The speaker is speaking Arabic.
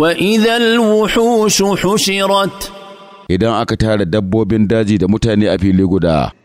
وإذا الوحوش حشرت إذا أكتها لدبو بن داجي دا متاني أفي لغدا